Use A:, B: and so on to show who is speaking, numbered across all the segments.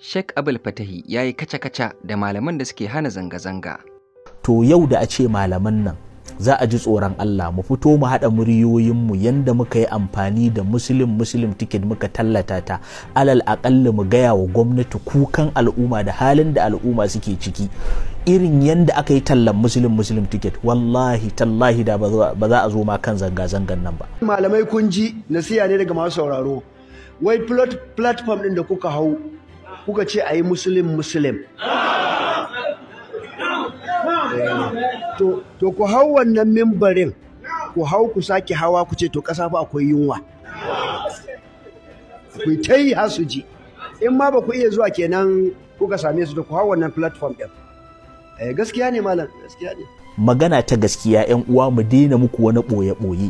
A: Sheikh Abul Fatahi ya yi kaca-kaca da malaman da suke hana zanga-zanga.
B: To yau da a ce malaman nan za a ji tsoron Allah mu fito mu haɗa muryoyinmu yanda muka yi amfani da musulun musulun ticket muka tallata ta alal aƙalla mu gaya wa gwamnati kukan al'umma da halin da al'umma suke ciki irin yanda aka yi tallan musulun musulun ticket wallahi tallahi da ba za a zo ma kan zanga-zangan nan ba malamai kun ji nasiya ne daga masu sauraro wai platform ɗin da kuka hau kuka ce a yi musulun musulun to ku hau wannan mimbarin ku hau ku sake hawa ku ce to ƙasa fa akwai yunwa ku ta yi hasu ji in ma ba ku iya zuwa kenan kuka same su da ku hau wannan platform ɗin eh, gaskiya ne malam gaskiya ne magana ta gaskiya 'yan uwa mu daina muku wani ɓoye-ɓoye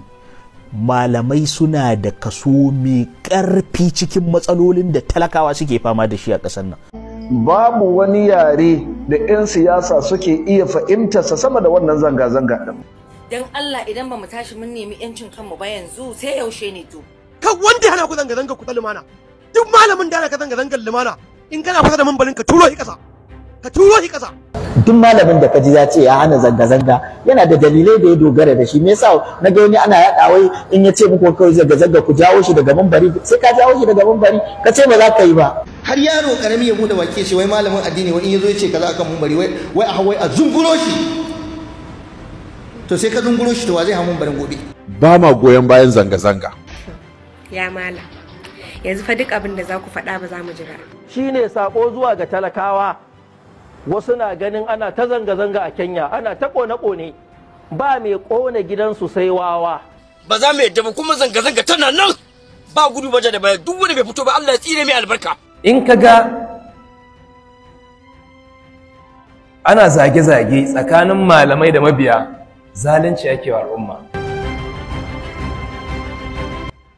B: malamai suna da kaso mai ƙarfi cikin matsalolin da talakawa suke fama da shi a ƙasar nan. Babu wani yare da 'yan siyasa suke iya fahimtarsa sama da wannan zanga-zanga ɗin. Don Allah idan ba mu tashi mun nemi 'yancin kanmu ba yanzu sai yaushe ne to. Kan wanda hana ku zanga-zanga ku ta lumana. Duk malamin da hana ka zanga-zangar lumana in kana kusa da mambalin ka turo shi ƙasa. ka turo shi ƙasa duk malamin da kaji ya ce ya hana zanga-zanga yana da dalilai da ya dogara da shi me yasa na ga wani ana yaɗa wai in ya ce muku kawai zanga-zanga ku jawo shi daga mambari sai ka jawo shi daga mambari ka ce ba za ka yi ba har yaro karami ya bude wake shi wai malamin addini wani in yazo ya ce kaza akan mambari wai wai a wai a zunguro shi to sai ka zunguro shi to wa zai hamu mumbarin gobe ba ma goyon bayan zanga-zanga ya mala yanzu fa duk abin da za ku faɗa ba za mu jira shine sako zuwa ga talakawa wasu na ganin ana ta zanga-zanga a kenya ana ta kone-kone ba mai kone gidansu sai wawa ba za mu yadda ba kuma zanga-zanga tana nan ba gudu ba da baya duk wani bai fito ba Allah ya tsire mai albarka in ka ga ana zage-zage tsakanin malamai
A: da mabiya
B: zalunci yake wa al'umma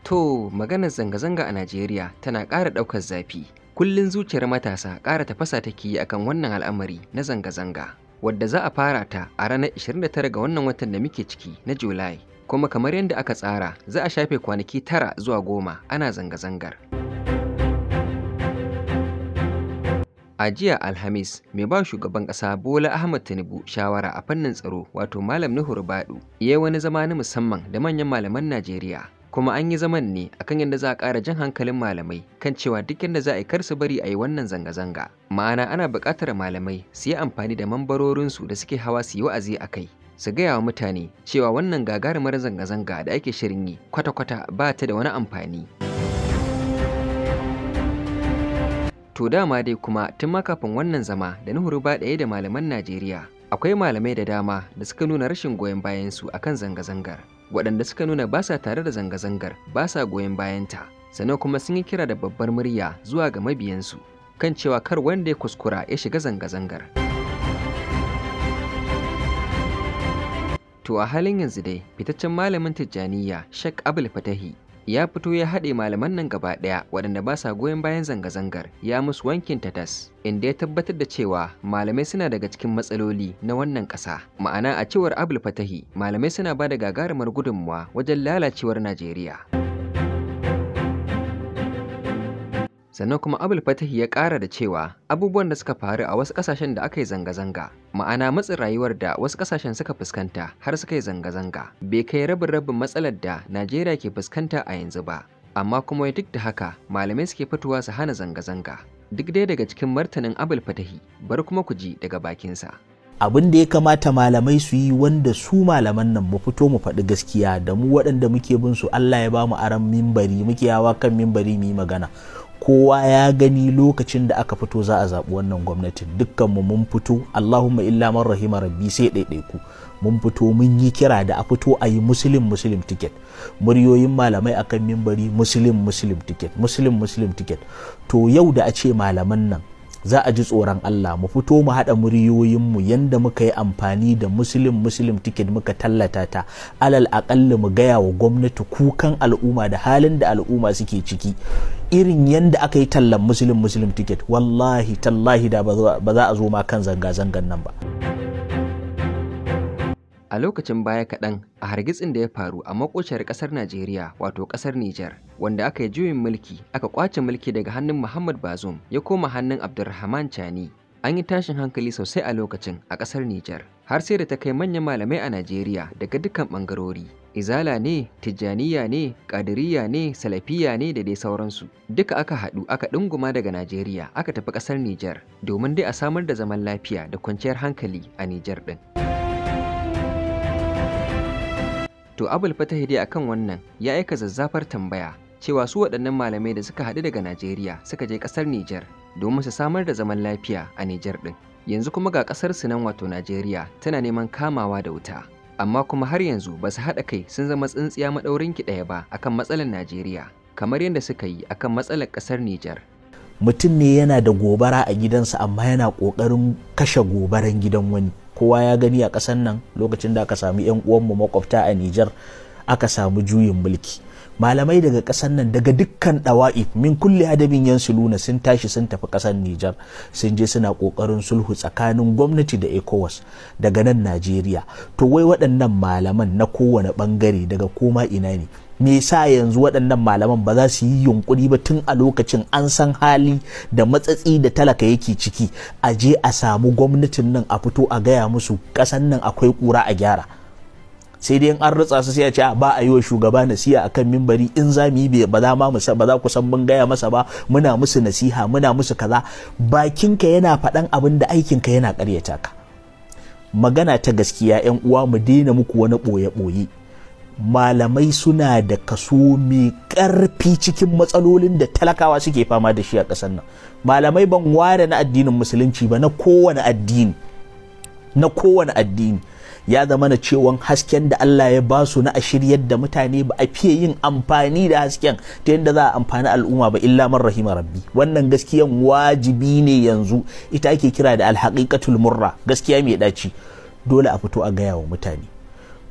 A: to maganar zanga-zanga a Najeriya tana ƙara ɗaukar zafi kullum zuciyar matasa ƙara tafasa take yi akan wannan al'amari na zanga-zanga wadda za a fara ta a ranar 29 ga wannan watan da muke ciki na julai kuma kamar yadda aka tsara za a shafe kwanaki tara zuwa goma ana zanga-zangar a jiya alhamis mai ba shugaban ƙasa bola ahmad tinubu shawara a fannin tsaro wato malam nuhu rubadu ya wani zama na musamman da manyan malaman najeriya kuma an yi zaman ne akan yadda za a ƙara jan hankalin malamai kan cewa duk yadda za a yi kar su bari a yi wannan zanga-zanga ma'ana ana buƙatar malamai su yi amfani da mambarorinsu da suke hawa su yi wa'azi a kai su gaya wa mutane cewa wannan gagarumar zanga-zanga da ake shirin yi kwata-kwata ba ta da wani amfani. To dama dai kuma tun ma kafin wannan zama da Nuhu ba ɗaya da malaman Najeriya akwai malamai da dama da suka nuna rashin goyon bayansu akan zanga-zangar. waɗanda suka nuna ba sa tare da zanga-zangar ba sa goyon bayanta sannan kuma sun yi kira da babbar murya zuwa ga mabiyansu kan cewa kar wanda ya kuskura ya shiga zanga-zangar to a halin yanzu dai fitaccen malamin tijjaniya shek abul fatahi ya fito ya haɗe malaman nan gaba ɗaya waɗanda ba sa goyon bayan zanga-zangar ya musu wankin ta tatas inda ya tabbatar da cewa malamai suna daga cikin matsaloli na wannan ƙasa ma'ana a cewar abul fatahi malamai suna ba da gagarumar gudunmawa wajen lalacewar najeriya sannan kuma abul fatahi ya ƙara da cewa abubuwan da suka faru a wasu ƙasashen da aka yi zanga-zanga ma'ana matsin rayuwar da wasu ƙasashen suka fuskanta har suka yi zanga-zanga bai kai rabin rabin matsalar da najeriya ke fuskanta a yanzu ba amma kuma duk da haka malamai suke fitowa su hana zanga-zanga duk dai daga cikin martanin abul fatahi bar kuma ku ji daga bakin sa.
B: abin da ya kamata malamai su yi wanda su malaman nan mu fito mu faɗi gaskiya da mu waɗanda muke bin su Allah ya ba mu aran mimbari muke hawa kan mimbari mu yi magana kowa ya gani lokacin da aka fito za a zaɓi wannan gwamnatin dukkanmu mun fito allahumma illa man rahima rabbi sai ɗaiɗaiku mun fito mun yi kira da a fito a yi muslim muslim ticket muryoyin malamai akan mimbari muslim muslim ticket muslim muslim tiket to yau da a ce malaman nan za a ji tsoron Allah mu fito mu haɗa muryoyinmu yanda muka yi amfani da muslim muslim ticket muka tallata ta alal aƙalla mu gaya wa gwamnati kukan al'umma da halin da al'umma suke ciki irin yanda aka yi tallan muslim muslim ticket
A: wallahi tallahi da ba za a zo ma kan zanga-zangan nan ba. A lokacin baya kaɗan a hargitsin da ya faru a makociyar ƙasar Najeriya wato ƙasar Nijar, wanda aka yi juyin mulki aka ƙwace mulki daga hannun Muhammad Bazoum ya koma hannun Abdulrahman Chani. An yi tashin hankali sosai a lokacin a ƙasar Nijar, har sai da ta kai manyan malamai a Najeriya daga dukkan ɓangarori. Izala ne, Tijjaniya ne, Ƙadiriya ne, Salafiya ne da dai sauransu. Duka aka haɗu aka ɗunguma daga Najeriya aka tafi ƙasar Nijar domin dai a samar da zaman lafiya da kwanciyar hankali a Nijar ɗin. To Abul Fatah dai kan wannan ya aika zazzafar tambaya cewa su waɗannan malamai da suka haɗu daga Najeriya suka je ƙasar Nijar domin su samar da zaman lafiya a Nijar ɗin. Yanzu kuma ga ƙasar su nan wato Najeriya tana neman kamawa da wuta. Amma kuma har yanzu ba su haɗa kai sun zama tsintsiya maɗaurin ki ɗaya ba kan matsalar Najeriya kamar yadda suka yi a kan matsalar ƙasar Nijar.
B: Mutum ne yana da gobara a gidansa amma yana ƙoƙarin kashe gobaran gidan wani. kowa ya gani a ƙasar nan lokacin da aka samu 'yan uwanmu makwabta a Nijar aka samu juyin mulki malamai daga ƙasar nan daga dukkan ɗawa'if min kulle adabin yan suluna sun tashi sun tafi ƙasar Nijar sun je suna ƙoƙarin sulhu tsakanin gwamnati da ECOWAS daga nan Najeriya to wai waɗannan malaman na kowane ɓangare daga koma ina ne me sa yanzu waɗannan malaman ba za su yi yunkuri ba tun a lokacin an san hali da matsatsi da talaka yake ciki a je a samu gwamnatin nan a fito a gaya musu ƙasan nan akwai ƙura a gyara sai dai in an rutsa su sai a ce ba a yi wa shugaba nasiha akan mimbari in za mu yi ba za ma ba za ku san mun gaya masa ba muna musu nasiha muna musu kaza bakinka yana faɗan abin da aikinka yana ƙaryata ka magana ta gaskiya yan uwa mu daina muku wani ɓoye-ɓoye malamai suna da kaso mai ƙarfi cikin matsalolin da talakawa suke fama da shi a ƙasar nan malamai ban ware na addinin musulunci ba na kowane addini na kowane addini ya zama na cewan hasken da Allah ya ba su na a shiryar da mutane ba a fiye yin amfani da hasken ta yadda za a amfani al'umma ba illa man rahima rabbi wannan gaskiyan wajibi ne yanzu ita ake kira da alhaqiqatul murra gaskiya mai daci dole a fito a gaya wa mutane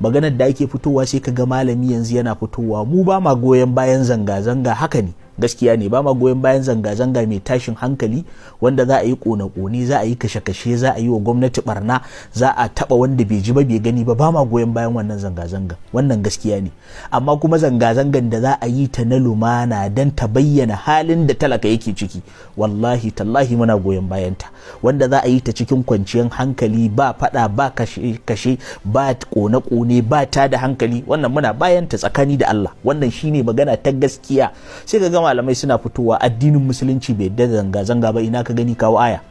B: maganar da ake fitowa sai ka ga malami yanzu yana fitowa mu ba ma goyon bayan zanga-zanga haka ne gaskiya ne ba ma goyon bayan zanga-zanga mai tashin hankali wanda za a yi kone-kone za a yi kashe-kashe za a yi wa gwamnati barna za a taba wanda bai ji ba bai gani ba ba ma goyon bayan wannan zanga-zanga wannan gaskiya ne amma kuma zanga-zangan da za a yi ta na lumana don ta bayyana halin da talaka yake ciki wallahi tallahi muna goyon bayanta wanda za a yi ta cikin kwanciyar hankali ba fada ba kashe-kashe ba kone-kone ba ta da hankali wannan muna bayan ta tsakani da Allah wannan shine magana ta gaskiya sai ka ga ga malamai suna fitowa addinin musulunci bai yadda zanga zanga ba ina ka gani kawo aya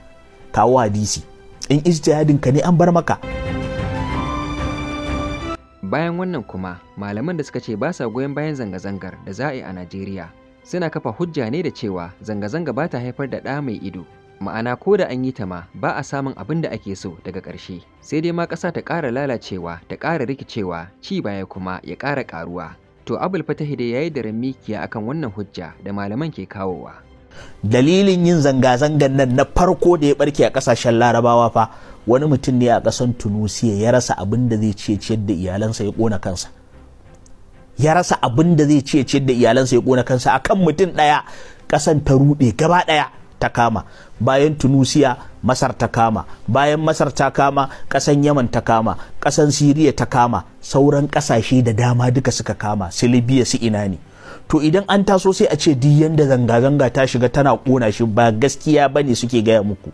B: kawo hadisi in ijtihadin ka ne an bar maka
A: bayan wannan kuma malaman da suka ce ba sa goyon bayan zanga-zangar da za a yi a Najeriya suna kafa hujja ne da cewa zanga-zanga ba ta haifar da ɗa mai ido ma'ana ko da an yi ta ma ba a samun abin da ake so daga ƙarshe sai dai ma ƙasa ta ƙara lalacewa ta ƙara rikicewa ci baya kuma ya ƙara ƙaruwa to abul fatahi da yayi da ramikiya akan wannan hujja da malaman ke kawowa
B: dalilin yin
A: zanga-zangan nan
B: na farko da ya barke a kasashen larabawa fa wani mutum ne a kasan tunusiya ya rasa abin da zai ce ciyar da iyalansa ya kona kansa ya rasa abin da zai ce ciyar da iyalansa ya kona kansa akan mutum ɗaya kasan ta ruɗe gaba ɗaya ta kama bayan tunusiya masar ta kama bayan masar ta kama ƙasan yaman ta kama ƙasan siriya ta kama sauran ƙasashe da dama duka suka kama su libya su ina ne to idan an taso sai a ce duk yadda zanga-zanga ta shiga tana ƙona shi ba gaskiya ba ne suke gaya muku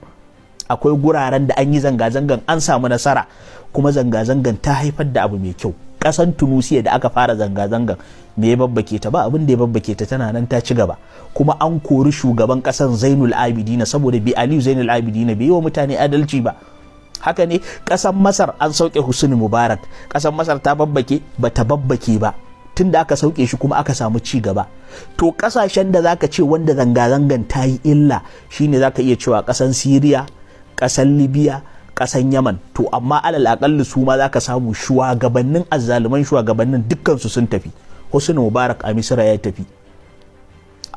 B: akwai guraren da an yi zanga-zangan an samu nasara kuma zanga-zangan ta haifar da abu mai kyau kasan tunusiya da aka fara zanga-zangan me ya babbake ta ba abin da ya babbake ta tana nan ta ci gaba kuma an kori shugaban kasan zainul abidina saboda bi aliyu zainul abidina bai yi wa mutane adalci ba haka ne kasan masar an sauke husni mubarak kasan masar ta babbake ba ta babbake ba tun da aka sauke shi kuma aka samu ci gaba to kasashen da zaka ce wanda zanga-zangan ta yi illa shine zaka iya cewa kasan siriya kasan libya kasan yaman to amma alal akalli su ma za ka samu shugabannin azzaluman shugabannin dukkansu sun tafi husnu mubarak a misira ya tafi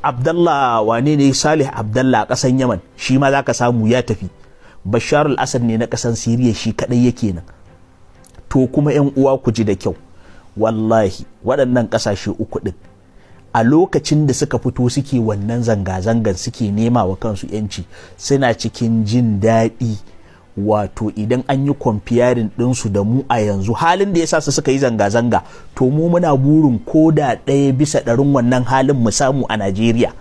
B: abdallah wane ne salih abdallah a kasan yaman shi ma za ka samu ya tafi bashar al-asad ne na kasan siriya shi kadai yake nan to kuma yan uwa ku ji da kyau wallahi waɗannan ƙasashe uku ɗin a lokacin da suka fito suke wannan zanga-zangar suke nema wa kansu 'yanci suna cikin jin daɗi wato idan an yi kwamfiyarin ɗinsu da mu a yanzu halin da ya sa su suka yi zanga-zanga to mu muna burin ko da ɗaya bisa ɗarin wannan halin mu samu a najeriya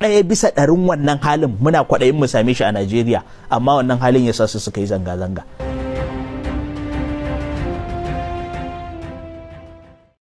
B: ɗaya bisa ɗarin wannan halin muna kwaɗayin mu same shi a najeriya amma wannan halin ya sa su suka yi zanga-zanga.